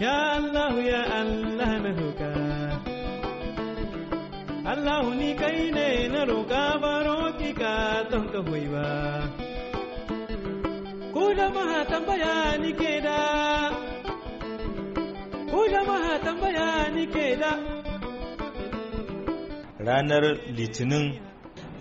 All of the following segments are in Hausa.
Ya Allah ya Allah na roƙa Allah ni kai ne na roƙa baro ki ka don ka hoyi ba Ku jama'a tambaya ni ke da Ku jama'a tambaya ni ke da Ranar Litinin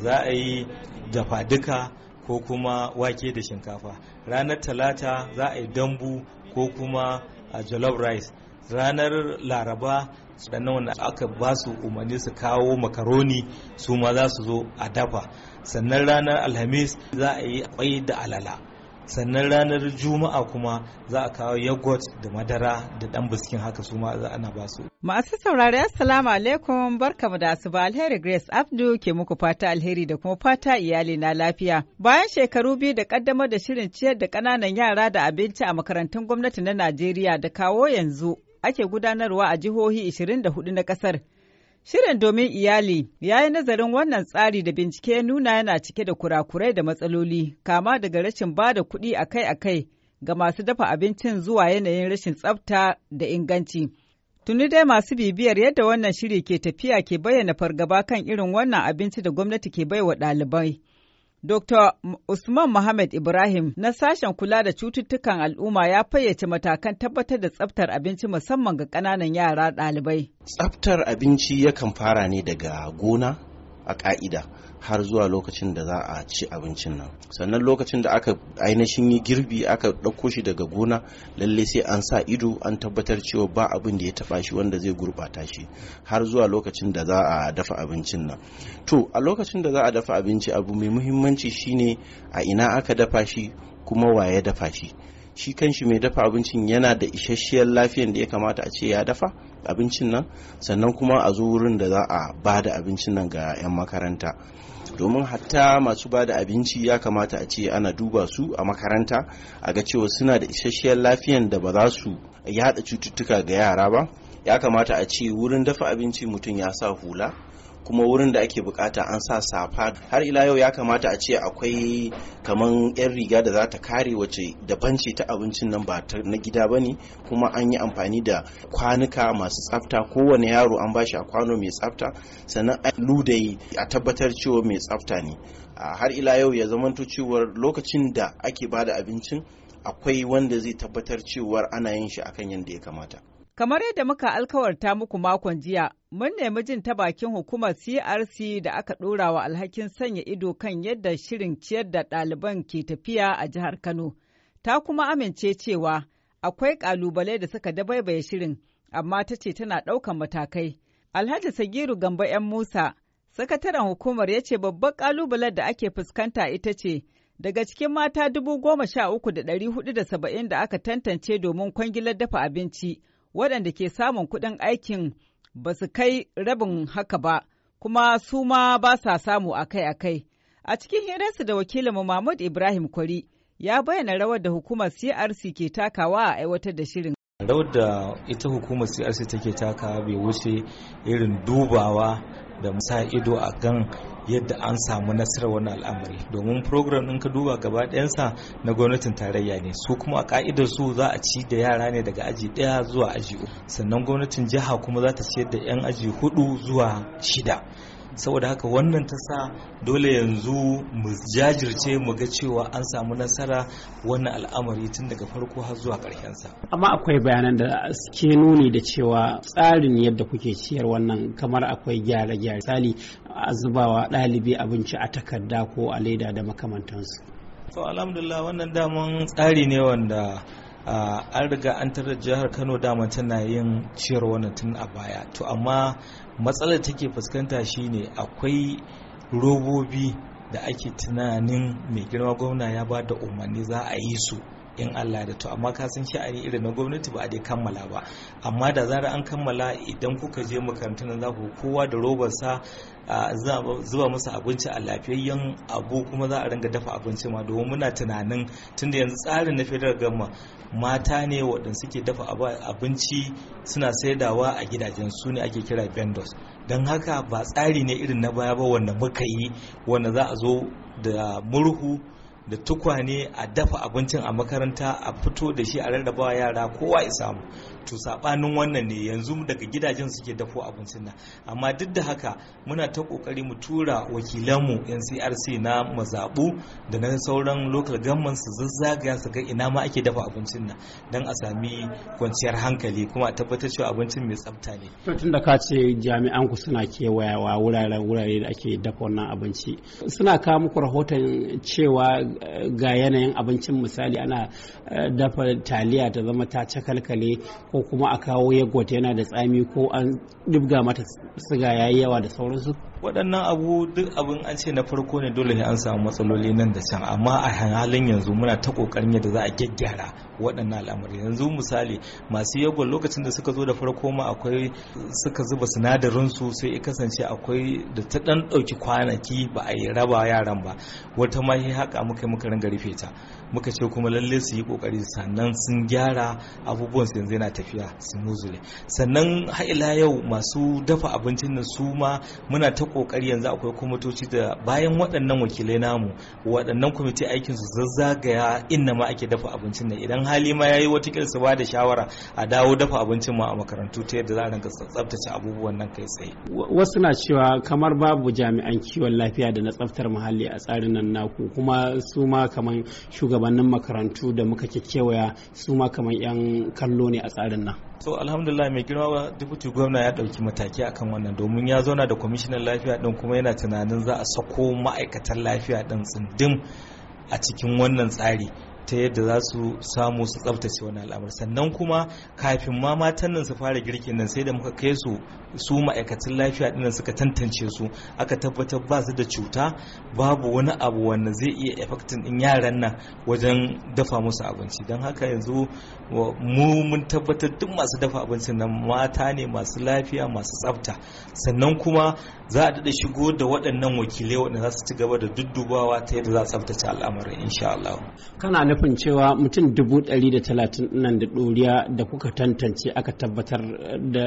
za a yi dafa duka ko kuma wake da shinkafa ranar talata za a yi dambu ko kuma A jollof rice ranar laraba sannan wanda aka ba su umarni su kawo makaroni su ma za su zo a dafa sannan ranar alhamis za a yi kwai da alala sannan ranar juma'a kuma za a kawo yogurt da madara da dan biskin haka su ma ana ba su masu saurari assalamu alaikum mu da asuba alheri grace abdu ke muku fata alheri da kuma fata iyali na lafiya bayan shekaru biyu da kaddamar da shirin ciyar da kananan yara da abinci a makarantun gwamnati na najeriya da kawo yanzu ake gudanarwa a jihohi 24 na kasar Shirin domin iyali ya yi nazarin wannan tsari da bincike ya nuna yana cike da kurakurai da matsaloli, kama daga rashin ba da kuɗi akai-akai ga masu dafa abincin zuwa yanayin rashin tsafta da inganci. Tuni dai masu bibiyar yadda wannan shiri ke tafiya ke bayyana fargaba kan irin wannan abinci da gwamnati ke baiwa ɗalibai. Dr. Usman Muhammad Ibrahim na sashen kula da cututtukan al'umma ya fayyace matakan tabbatar da tsaftar abinci musamman ga ƙananan yara ɗalibai. Tsaftar abinci yakan fara ne daga gona, a ka'ida har zuwa lokacin da za a ci abincin nan sannan lokacin da aka ainihin yi girbi aka ɗauko shi daga gona lalle sai an sa ido an tabbatar cewa ba abin da ya taɓa shi wanda zai gurɓata shi har zuwa lokacin da za a dafa abincin nan to a lokacin da za a dafa abinci abu mai muhimmanci shine a ina aka dafa shi kuma wa ya dafa shi shi kanshi mai dafa abincin yana da isasshiyar lafiyar da ya kamata a ce ya dafa abincin nan sannan kuma a zo wurin da za a ba da abincin nan ga 'yan makaranta domin hatta masu ba da abinci ya kamata a ce ana duba su a makaranta a ga cewa suna da isasshiyar lafiyan da ba za su yada cututtuka ga yara ba ya kamata a ce wurin dafa abinci mutum ya sa hula kuma wurin da ake bukata an sa safa har ila yau ya kamata a ce akwai kaman yan riga da za ta kare wace daban ce ta abincin nan ba na gida ba ne kuma an yi amfani da kwanuka masu tsafta kowane yaro an bashi a kwano mai tsafta sannan a ludayi a tabbatar cewa mai tsafta ne har ila yau ya zamanto cewar lokacin da ake bada abincin akwai wanda zai tabbatar cewar ana yin shi akan yadda ya kamata Kamar yadda muka alkawarta muku makon jiya, mun nemi jin ta bakin hukumar CRC da aka ɗora wa alhakin sanya ido kan yadda shirin ciyar da ɗaliban ke tafiya a jihar Kano. Ta kuma amince cewa akwai ƙalubale da suka dabaibaye shirin, amma ta ce tana ɗaukan matakai. Alhaji Sagiru Gambo 'yan Musa, sakataren hukumar ya ce babban ƙalubalen da ake fuskanta ita ce daga cikin mata dubu goma sha uku da ɗari hudu da saba'in da aka tantance domin kwangilar dafa abinci. waɗanda ke samun kuɗin aikin ba su kai rabin haka ba, kuma su ma ba sa samu akai-akai. A cikin hirarsa da wakilinmu Mahmud Ibrahim Kwari ya bayyana rawar da hukumar CRC ke takawa a aiwatar da shirin. Rawar da ita hukumar CRC take takawa bai wuce irin dubawa da musa ido a kan yadda an samu nasarar wani al'amari domin program ɗin ka duba gaba ɗayansa na gwamnatin tarayya ne su kuma a ka'idar su za a ci da yara ne daga aji ɗaya zuwa aji uku sannan gwamnatin jiha kuma za ta ciyar da 'yan aji hudu zuwa shida saboda haka wannan ta sa dole yanzu mu jajirce mu ga cewa an samu nasara wannan al'amari tun daga farko har zuwa sa. amma akwai bayanan da suke nuni da cewa tsarin yadda kuke ciyar wannan kamar akwai gyare-gyare misali a zubawa ɗalibi abinci a takarda ko a leda da makamantansu to alhamdulillah wannan daman tsari ne wanda an riga an tarar jihar kano dama tana yin ciyar wannan tun a baya to amma matsalar take fuskanta shine akwai robobi da ake tunanin mai girma gwamna ya ba da umarni za a yi su in Allah da to amma ka san sha'ani irin na gwamnati ba a dai kammala ba amma da zarar an kammala idan kuka je makarantu nan za ku kowa da robar sa zuba masa abinci a lafiyayyen abu kuma za a ringa dafa abinci ma domin muna tunanin tunda yanzu tsarin na federal gama mata ne waɗanda suke dafa abinci suna saidawa a gidajen su ne ake kira vendors don haka ba tsari ne irin na baya ba wanda muka yi wanda za a zo da murhu da tukwane a dafa abincin a makaranta a fito da shi a rarraba yara kowa ya samu to sabanin wannan ne yanzu daga gidajen suke dafo abincin nan amma duk da haka muna ta kokari mu tura wakilanmu yan CRC na mazabu da na sauran local government su zazzagaya su ga ina ma ake dafa abincin nan dan a sami kwanciyar hankali kuma a tabbatar cewa abincin mai tsafta ne to da ka ce jami'an ku suna kewayawa wuraren wurare da ake dafa wannan abinci suna kawo muku rahoton cewa ga yanayin abincin misali ana eh, dafa taliya ta zama ta cakalkale ko kuma a kawo yagwata yana da tsami ko an dubga mata siga yayi yawa da sauransu waɗannan abu duk abin an ce na farko ne dole ne an samu matsaloli nan da can amma a halin yanzu muna ta ƙoƙarin yadda za a gyaggyara waɗannan al'amari yanzu misali masu yagon lokacin da suka zo da farko ma akwai suka zuba sinadarin su sai ya kasance akwai da ta ɗan ɗauki kwanaki ba a yi raba yaran ba wata ma haka muka muka ringa rufe ta muka ce kuma lalle su yi kokari sannan sun gyara abubuwan su yanzu yana tafiya smoothly sannan ila yau masu dafa abincin nan su ma muna ta kokari yanzu akwai kwamitoci da bayan waɗannan wakilai namu waɗannan kwamiti aikin su zazzagaya inna ma ake dafa abincin nan idan hali ma yayi wata su ba da shawara a dawo dafa abincin ma a makarantu ta yadda za a rinka tsaftace abubuwan nan kai tsaye wasu na cewa kamar babu jami'an kiwon lafiya da na tsaftar muhalli a tsarin nan naku kuma su ma kamar shugaban shugabannin makarantu da muka kewaya su ma kamar 'yan kallo ne a tsarin nan so alhamdulillah mai girma dubutu gwamna ya ɗauki mataki akan wannan domin ya zauna da kwamishinan lafiya ɗin kuma yana tunanin za a sako ma'aikatan lafiya ɗin tsindin a cikin wannan tsari ta yadda za su samu su tsabtace wani al'amari sannan kuma kafin ma matan nan su fara girki nan sai da muka kai su su ma'aikatan lafiya nan suka tantance su aka tabbatar ba su da cuta babu wani abu wanda zai iya effectin din yaran nan wajen dafa musu abinci don haka yanzu mu mun tabbatar duk masu dafa abincin nan mata ne masu lafiya masu tsabta sannan kuma za a daɗa shigo da waɗannan wakilai waɗanda za su ci gaba da duddubawa ta yadda za a tsabtace al'amarin insha Allah kana nufin cewa mutum dubu ɗari da talatin nan da ɗoriya da kuka tantance aka tabbatar eh, da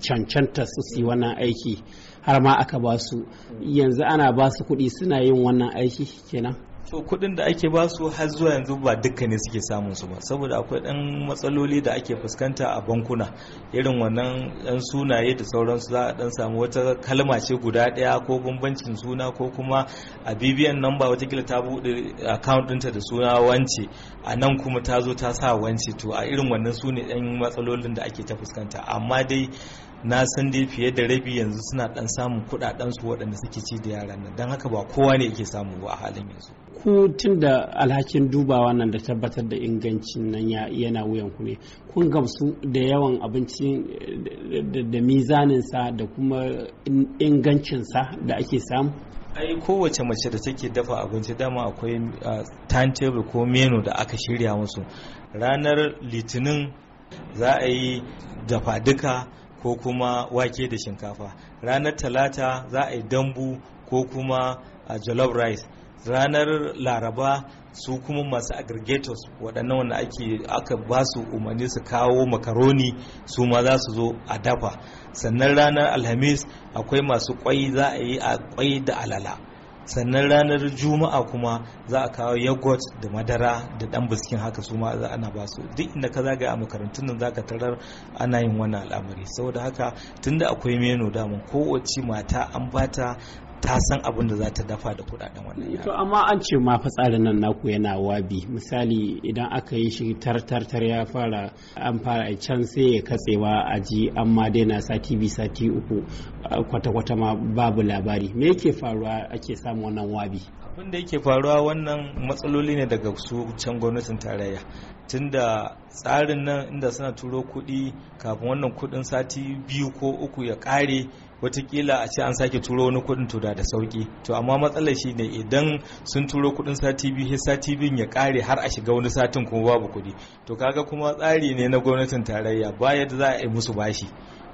cancanta su yi wannan aiki har ma aka ba su yanzu ana ba su kuɗi suna yin wannan aiki kenan so kudin da ake ba su har zuwa yanzu ba duka ne suke samun su ba saboda akwai dan matsaloli da ake fuskanta a bankuna irin wannan dan sunaye da sauransu za a dan samu wata kalma ce guda daya ko bambancin suna ko kuma a bibiyan nan wata gila ta bude account ɗinta da suna wance a nan kuma ta zo ta sa wance to a irin wannan su ne dan matsalolin da ake ta fuskanta amma dai na san dai fiye da rabi yanzu suna dan samun kudaden su waɗanda suke ci da yaran nan don haka ba kowa ne yake samu ba a halin yanzu ku tun da alhakin dubawa nan da tabbatar da ingancin nan yana wuyan ku ne kun gamsu da yawan abinci da mizaninsa da kuma ingancinsa da ake samu ai kowace mace da take dafa abinci dama akwai timetable ko menu da aka shirya musu ranar litinin za a yi dafa duka ko kuma wake da shinkafa ranar talata za a yi dambu ko kuma a jollof rice ranar laraba su kuma masu aggregators waɗannan wanda ake aka ba su umarni su kawo makaroni su ma za su zo a dafa sannan ranar alhamis akwai masu kwai za a yi a kwai da alala sannan ranar juma'a kuma za a kawo yogurt da madara da dan biskin haka su ma za ana ba su duk inda ka zagaya a makarantun nan zaka tarar ana yin wannan al'amari saboda haka tunda akwai menu damun kowace mata an bata ta san abin da za ta dafa da kudaden wannan yaro. To amma an ce ma fitsarin nan naku yana wabi misali idan aka yi shi tartar ya fara an fara a can sai ya katsewa a ji an ma daina sati biyu sati uku kwata-kwata ma babu labari me yake faruwa ake samun wannan wabi. Abin da yake faruwa wannan matsaloli ne daga su can gwamnatin tarayya tunda tsarin nan inda suna turo kuɗi kafin wannan kuɗin sati biyu ko uku ya ƙare watakila a ce an sake turo wani kuɗin to da da sauki to amma matsalar shi ne idan sun turo kuɗin sati biyu sai sati biyun ya ƙare har a shiga wani satin kuma babu kuɗi to kaga kuma tsari ne na gwamnatin tarayya ba da za a yi musu bashi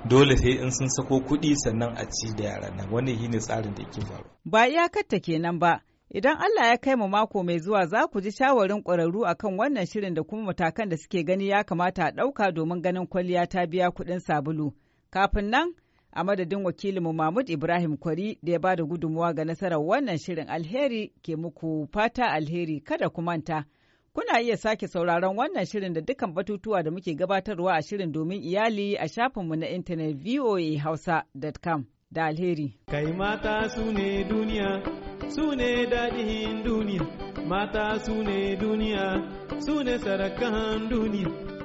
dole sai in sun sako kuɗi sannan a ci da yaran nan wannan shine tsarin da yake faru ba iyakar ta kenan ba Idan Allah ya kai mu mako mai zuwa za ku ji shawarin ƙwararru kan wannan shirin da kuma matakan da suke gani ya kamata a ɗauka domin ganin kwalliya ta biya kuɗin sabulu. Kafin nan, a madadin wakilinmu Mahmud Ibrahim Kwari da ya ba da gudunmuwa ga nasarar wannan shirin alheri ke muku fata alheri kada ku manta. Kuna iya sake sauraron wannan shirin da dukkan batutuwa da muke gabatarwa a shirin domin iyali a shafinmu na intanet voahausa.com. da alheri. Kai mata su ne duniya, su ne daɗin duniya, mata su ne duniya, su ne sarakan duniya.